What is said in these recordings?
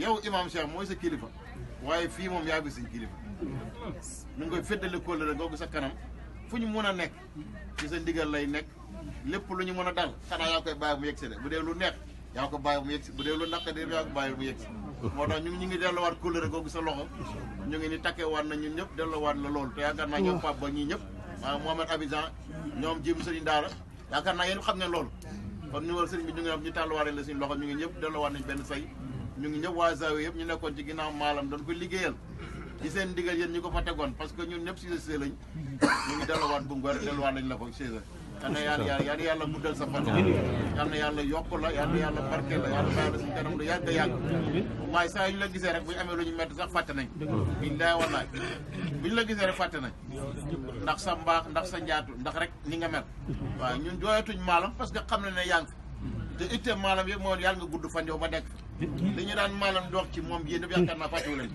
yow imaam Cheikh mooy sa kilifa waaye fii moom yaa ngi suñ kilifa ñu ngi koy féddale kóllëre googu sa kanam fu ñu mën a nekk ci sa ndigal lay nekk lépp lu ñu mën a dal xanaa yaa koy bàyyi mu lu neex yaa ko bàyyi mu yegg bu dee lu naqari yaa ko bàyyi mu yegg tax ñu ñu ngi delluwaat kóllëre googu sa loxo ñu ngi ni takkewaat na ñun ñëpp delluwaat la loolu te yaakaar naa ñoom Pape Ba ñëpp maanaam Mohamed Abidjan ñoom Jim Sëriñ Daara yaakaar naa yéen xam ngeen loolu kon ñu war sëriñ bi ñu ngi ñu tàlluwaat la suñu loxo ñu ngi ñëpp delluwaat nañ benn say ñu ngi ñëpp waa Zawiya yëpp ñu nekkoon ci naa maalam doon ko liggéeyal ci seen ndigal yéen ñu ko fa tegoon parce que ñun ñëpp si se lañ ñu ngi delluwaat bu ngor delluwaat nañ la ko si sa yal na la yal na yàlla barke la yàlla bàyyi la suñu kanam lu yàgg yàgg maay saa yu ñu la gisee rek bu ñu ñu métti sax fàtte nañ biñ lay bu ñu la gisee rek fàtte ndax sa mbaax ndax sa njaatu ndax rek ni nga mel waaw ñun jooyatuñ maalam parce que xam na ne yaa ngi te itte maanaam yëpp mooy yàlla nga gudd fan yow ba nekk daan maanaam dox ci moom yéen ñëpp yaakaar naa fàttewu leen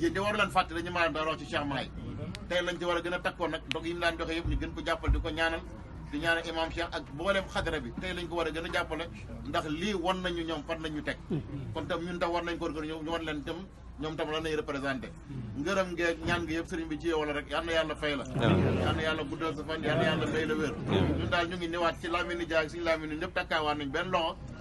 yéen fàtte la ñu daa rox ci Cheikh Maay tey lañ ci war a gën a takkoon nag dog yi ñu daan doxee yëpp gën ko jàppal di ko ñaanal di ñaanal imam Cheikh ak mboolem xadara bi tey lañ ko war a gën a jàppale ndax lii wan nañu ñoom fan nañu teg kon tam ñun tam war nañ ko gën ñu wan leen tam ñoom tam lan lay représenté hmm. ngërëm ngee ñaan ngi yëpp sëriñ bi ci yow la rek yal na yàlla fay la hmm. yal na yàlla guddal sa fan yal na yàlla may la wér hmm. ñun daal ñu ngi niwaat ci Lamine Dia ak suñu Lamine ñëpp takkaawaat ñu ngi jàpp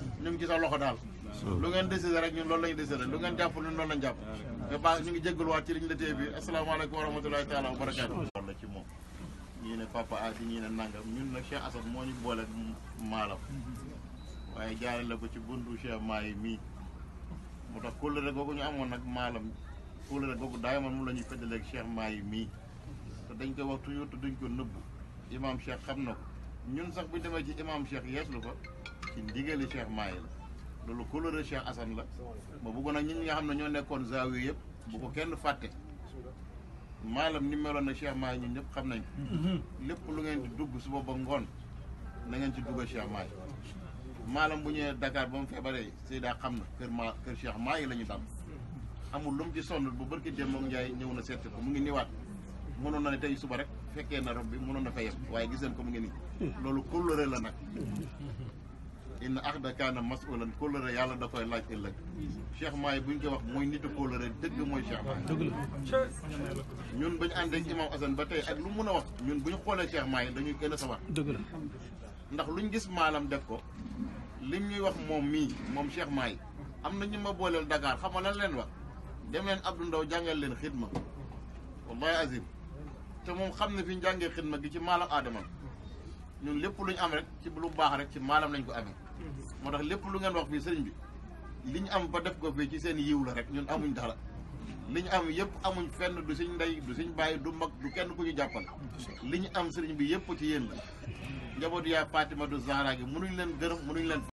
ñun ñu ne papa asi ne nangam ñun moo ñu boole maalam waaye jaare la ko ci bundu Cheikh Maay mii moo tax kóllëre googu ñu amoon nag maalam kóllëre googu daay man moom la ñuy feddaleeg Cheikh Mahi mii te dañ koy wax toujours duñ ko nëbb imaam Cheikh xam na ñun sax bu ñu demee ci imaam Cheikh yeeslu ko ci ndigali Cheikh Mahi la loolu kóllëre Cheikh Assane la ma bëggoon nag ñun nga xam ne ñoo nekkoon zaawi yëpp bu ko kenn fàtte maalam ni meloon na Cheikh Mahi ñun ñëpp xam nañ mhm. lépp lu ngeen dugg suba ba ngoon na ngeen ci dugg Cheikh Mahi maalam bu ñëwee dakaar ba mu feebaree Seyda xam na kër ma kër Cheikh maa yi la ñu dal amul lu mu ci sonn bu barki dem moom Ndiaye ñëw na seet ko mu ngi niwaat mënoon na ne tey suba rek fekkee na rob bi mënoon na fa waaye giseen ko mu ngi nii loolu kóllëre la nag inna ahda kaana masulan kóllëre yàlla da koy laaj ëllëg Cheikh Maay bu ñu koy wax mooy nitu kóllëre dëgg mooy Cheikh Maay ñun bu ñu àndee ci Imam Assane ba tey ak lu mun a wax ñun bu ñu xoolee Cheikh Maay dañuy gën a sawar dëgg la ndax luñ gis maalam def ko lim ñuy wax moom mii moom Cheikh Mahi am na ñu ma booleel Dakar xam nga lan leen wax dem leen Abdou Ndaw jàngal leen xidma wallahi azim te moom xam ne fi ñu jàngee xidma gi ci maalam aadama ñun lépp lu ñu am rek ci lu baax rek ci maalam lañ ko amee. moo tax lépp lu ngeen wax fii sëriñ bi li ñu am ba def ko fii ci seen yiw la rek ñun amuñ dara li ñu am yëpp amuñ fenn du suñ ndey du suñ bàyyi du mag du kenn ku ñu jàppal li ñu am sëriñ bi yëpp ci yéen la njabootu yaa Fatima du Zahra gi munuñ leen gërëm munuñ leen.